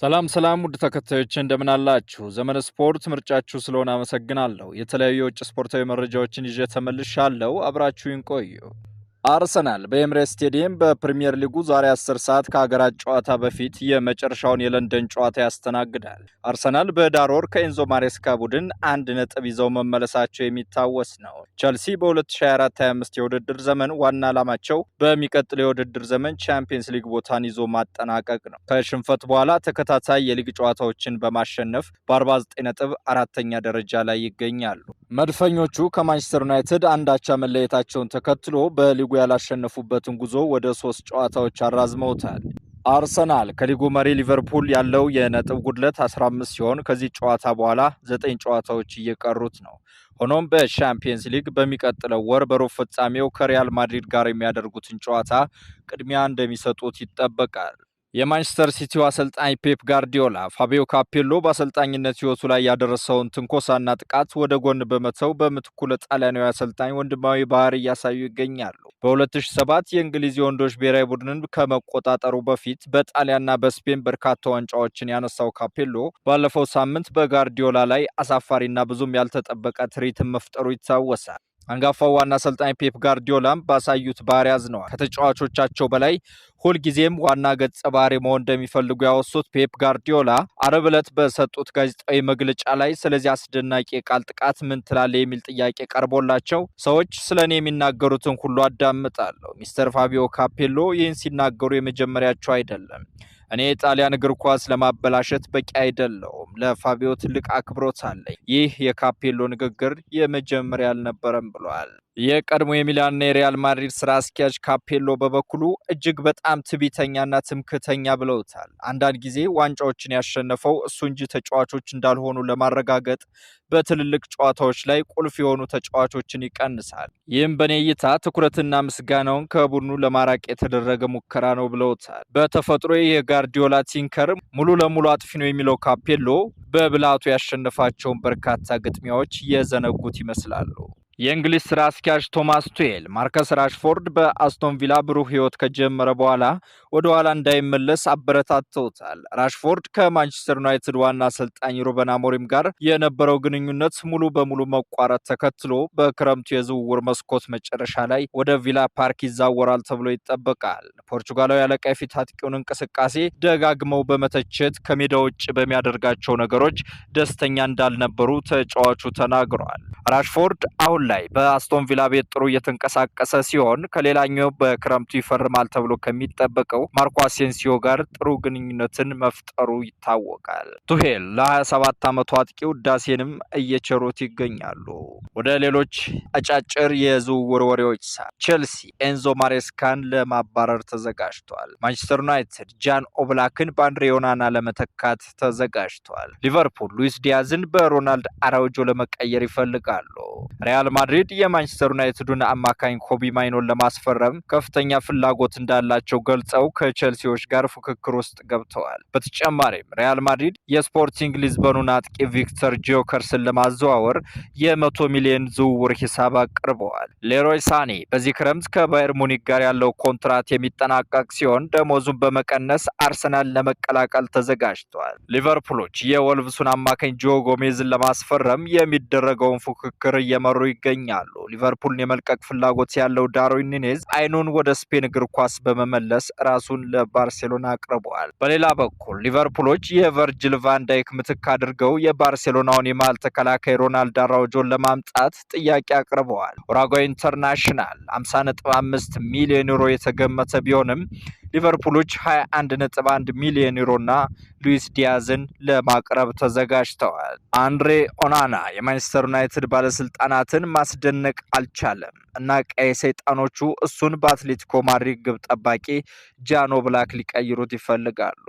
ሰላም ሰላም ውድ ተከታዮች እንደምን አላችሁ? ዘመን ስፖርት ምርጫችሁ ስለሆነ አመሰግናለሁ። የተለያዩ የውጭ ስፖርታዊ መረጃዎችን ይዤ ተመልሻለሁ። አብራችሁን ቆዩ። አርሰናል በኤምሬ ስቴዲየም በፕሪምየር ሊጉ ዛሬ 10 ሰዓት ከሀገራት ጨዋታ በፊት የመጨረሻውን የለንደን ጨዋታ ያስተናግዳል። አርሰናል በዳሮር ከኤንዞ ማሬስካ ቡድን አንድ ነጥብ ይዘው መመለሳቸው የሚታወስ ነው። ቸልሲ በ2024/25 የውድድር ዘመን ዋና ዓላማቸው በሚቀጥለው የውድድር ዘመን ቻምፒየንስ ሊግ ቦታን ይዞ ማጠናቀቅ ነው። ከሽንፈት በኋላ ተከታታይ የሊግ ጨዋታዎችን በማሸነፍ በ49 ነጥብ አራተኛ ደረጃ ላይ ይገኛሉ። መድፈኞቹ ከማንቸስተር ዩናይትድ አንዳቻ መለየታቸውን ተከትሎ በሊጉ በሊጉ ያላሸነፉበትን ጉዞ ወደ ሶስት ጨዋታዎች አራዝመውታል። አርሰናል ከሊጉ መሪ ሊቨርፑል ያለው የነጥብ ጉድለት 15 ሲሆን ከዚህ ጨዋታ በኋላ ዘጠኝ ጨዋታዎች እየቀሩት ነው። ሆኖም በሻምፒየንስ ሊግ በሚቀጥለው ወር በሩብ ፍጻሜው ከሪያል ማድሪድ ጋር የሚያደርጉትን ጨዋታ ቅድሚያ እንደሚሰጡት ይጠበቃል። የማንቸስተር ሲቲው አሰልጣኝ ፔፕ ጋርዲዮላ ፋቢዮ ካፔሎ በአሰልጣኝነት ሕይወቱ ላይ ያደረሰውን ትንኮሳና ጥቃት ወደ ጎን በመተው በምትኩ ለጣሊያናዊ አሰልጣኝ ወንድማዊ ባህሪ እያሳዩ ይገኛሉ። በ2007 የእንግሊዝ የወንዶች ብሔራዊ ቡድንን ከመቆጣጠሩ በፊት በጣሊያንና በስፔን በርካታ ዋንጫዎችን ያነሳው ካፔሎ ባለፈው ሳምንት በጋርዲዮላ ላይ አሳፋሪና ብዙም ያልተጠበቀ ትርኢትን መፍጠሩ ይታወሳል። አንጋፋው ዋና አሰልጣኝ ፔፕ ጋርዲዮላም ባሳዩት ባህሪ አዝነዋል። ከተጫዋቾቻቸው በላይ ሁልጊዜም ዋና ገጸ ባህሪ መሆን እንደሚፈልጉ ያወሱት ፔፕ ጋርዲዮላ አርብ ዕለት በሰጡት ጋዜጣዊ መግለጫ ላይ ስለዚህ አስደናቂ የቃል ጥቃት ምን ትላለ የሚል ጥያቄ ቀርቦላቸው ሰዎች ስለ እኔ የሚናገሩትን ሁሉ አዳምጣለሁ፣ ሚስተር ፋቢዮ ካፔሎ ይህን ሲናገሩ የመጀመሪያቸው አይደለም እኔ የጣሊያን እግር ኳስ ለማበላሸት በቂ አይደለውም። ለፋቢዮ ትልቅ አክብሮት አለኝ። ይህ የካፔሎ ንግግር የመጀመሪያ አልነበረም ብሏል። የቀድሞ የሚላንና የሪያል ማድሪድ ስራ አስኪያጅ ካፔሎ በበኩሉ እጅግ በጣም ትቢተኛና ትምክተኛ ብለውታል። አንዳንድ ጊዜ ዋንጫዎችን ያሸነፈው እሱ እንጂ ተጫዋቾች እንዳልሆኑ ለማረጋገጥ በትልልቅ ጨዋታዎች ላይ ቁልፍ የሆኑ ተጫዋቾችን ይቀንሳል። ይህም በእኔ እይታ ትኩረትና ምስጋናውን ከቡድኑ ለማራቅ የተደረገ ሙከራ ነው ብለውታል። በተፈጥሮ የጋርዲዮላ ቲንከር ሙሉ ለሙሉ አጥፊ ነው የሚለው ካፔሎ በብልሃቱ ያሸነፋቸውን በርካታ ግጥሚያዎች የዘነጉት ይመስላሉ። የእንግሊዝ ስራ አስኪያጅ ቶማስ ቱዌል ማርከስ ራሽፎርድ በአስቶን ቪላ ብሩህ ህይወት ከጀመረ በኋላ ወደ ኋላ እንዳይመለስ አበረታተውታል። ራሽፎርድ ከማንቸስተር ዩናይትድ ዋና አሰልጣኝ ሩበን አሞሪም ጋር የነበረው ግንኙነት ሙሉ በሙሉ መቋረጥ ተከትሎ በክረምቱ የዝውውር መስኮት መጨረሻ ላይ ወደ ቪላ ፓርክ ይዛወራል ተብሎ ይጠበቃል። ፖርቹጋላዊ አለቃ የፊት አጥቂውን እንቅስቃሴ ደጋግመው በመተቸት ከሜዳ ውጭ በሚያደርጋቸው ነገሮች ደስተኛ እንዳልነበሩ ተጫዋቹ ተናግሯል። ራሽፎርድ አሁን ላይ በአስቶን ቪላ ቤት ጥሩ እየተንቀሳቀሰ ሲሆን ከሌላኛው በክረምቱ ይፈርማል ተብሎ ከሚጠበቀው ማርኮ አሴንሲዮ ጋር ጥሩ ግንኙነትን መፍጠሩ ይታወቃል። ቱሄል ለ27 ዓመቱ አጥቂው ዳሴንም እየቸሩት ይገኛሉ። ወደ ሌሎች አጫጭር የዝውውር ወሬዎች ሳ ቼልሲ ኤንዞ ማሬስካን ለማባረር ተዘጋጅቷል። ማንቸስተር ዩናይትድ ጃን ኦብላክን በአንድሬ ዮናና ለመተካት ተዘጋጅቷል። ሊቨርፑል ሉዊስ ዲያዝን በሮናልድ አራውጆ ለመቀየር ይፈልጋሉ። ሪያል ማድሪድ የማንቸስተር ዩናይትዱን አማካኝ ኮቢ ማይኖን ለማስፈረም ከፍተኛ ፍላጎት እንዳላቸው ገልጸው ከቼልሲዎች ጋር ፉክክር ውስጥ ገብተዋል። በተጨማሪም ሪያል ማድሪድ የስፖርቲንግ ሊዝበኑን አጥቂ ቪክተር ጂዮከርስን ለማዘዋወር የመቶ ሚሊዮን ዝውውር ሂሳብ አቅርበዋል። ሌሮይ ሳኔ በዚህ ክረምት ከባየር ሙኒክ ጋር ያለው ኮንትራት የሚጠናቀቅ ሲሆን ደሞዙን በመቀነስ አርሰናል ለመቀላቀል ተዘጋጅተዋል። ሊቨርፑሎች የወልቭሱን አማካኝ ጆ ጎሜዝን ለማስፈረም የሚደረገውን ፉክክር እየመሩ ይገኛሉ። ሊቨርፑልን የመልቀቅ ፍላጎት ያለው ዳርዊን ኑኔዝ አይኑን ወደ ስፔን እግር ኳስ በመመለስ ራሱን ለባርሴሎና አቅርበዋል። በሌላ በኩል ሊቨርፑሎች የቨርጅል ቫንዳይክ ምትክ አድርገው የባርሴሎናውን የመሃል ተከላካይ ሮናልድ አራውጆን ለማምጣት ጥያቄ አቅርበዋል። ኡራጓይ ኢንተርናሽናል 50.5 ሚሊዮን ዩሮ የተገመተ ቢሆንም ሊቨርፑሎች 21.1 ሚሊዮን ዩሮና ሉዊስ ዲያዝን ለማቅረብ ተዘጋጅተዋል። አንድሬ ኦናና የማንቸስተር ዩናይትድ ባለስልጣናትን ማስደነቅ አልቻለም እና ቀይ ሰይጣኖቹ እሱን በአትሌቲኮ ማድሪድ ግብ ጠባቂ ጃኖ ብላክ ሊቀይሩት ይፈልጋሉ።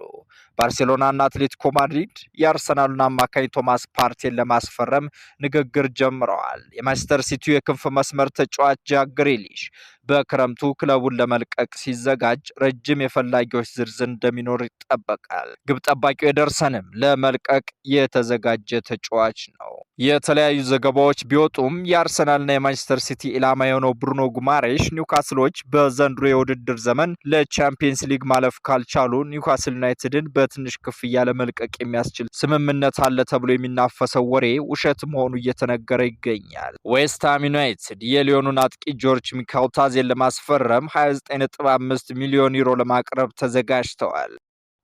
ባርሴሎናና አትሌቲኮ ማድሪድ የአርሰናሉን አማካኝ ቶማስ ፓርቴን ለማስፈረም ንግግር ጀምረዋል። የማንቸስተር ሲቲው የክንፍ መስመር ተጫዋች ጃክ ግሪሊሽ በክረምቱ ክለቡን ለመልቀቅ ሲዘጋጅ ረጅም የፈላጊዎች ዝርዝር እንደሚኖር ይጠበቃል። ግብ ጠባቂው የደርሰንም ለመልቀቅ የተዘጋጀ ተጫዋች ነው። የተለያዩ ዘገባዎች ቢወጡም የአርሰናልና የማንቸስተር ሲቲ ኢላማ የሆነው ብሩኖ ጉማሬሽ ኒውካስሎች በዘንድሮ የውድድር ዘመን ለቻምፒየንስ ሊግ ማለፍ ካልቻሉ ኒውካስል ዩናይትድን በትንሽ ክፍያ ለመልቀቅ የሚያስችል ስምምነት አለ ተብሎ የሚናፈሰው ወሬ ውሸት መሆኑ እየተነገረ ይገኛል። ዌስትሃም ዩናይትድ የሊዮኑን አጥቂ ጆርጅ ሚካውታ ውዳሴን ለማስፈረም 295 ሚሊዮን ዩሮ ለማቅረብ ተዘጋጅተዋል።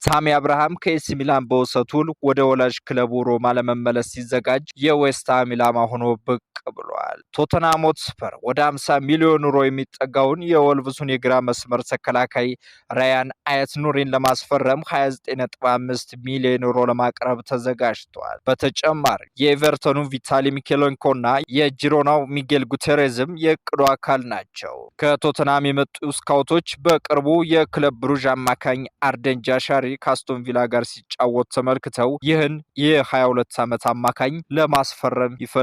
ሳሚ አብርሃም ከኤሲ ሚላን በውሰቱን ወደ ወላጅ ክለቡ ሮማ ለመመለስ ሲዘጋጅ የዌስትሃም ኢላማ ሆኖ ብቅ ብለዋል። ቶተንሃም ሆትስፐር ወደ 50 ሚሊዮን ዩሮ የሚጠጋውን የወልቭሱን የግራ መስመር ተከላካይ ራያን አያት ኑሪን ለማስፈረም 295 ሚሊዮን ዩሮ ለማቅረብ ተዘጋጅተዋል። በተጨማሪ የኤቨርተኑ ቪታሊ ሚኬሎንኮ እና የጂሮናው ሚጌል ጉቴሬዝም የእቅዱ አካል ናቸው። ከቶተናም የመጡ ስካውቶች በቅርቡ የክለብ ብሩዥ አማካኝ አርደን ጃሻሪ ከአስቶን ቪላ ጋር ሲጫወት ተመልክተው ይህን የ22 ዓመት አማካኝ ለማስፈረም ይፈ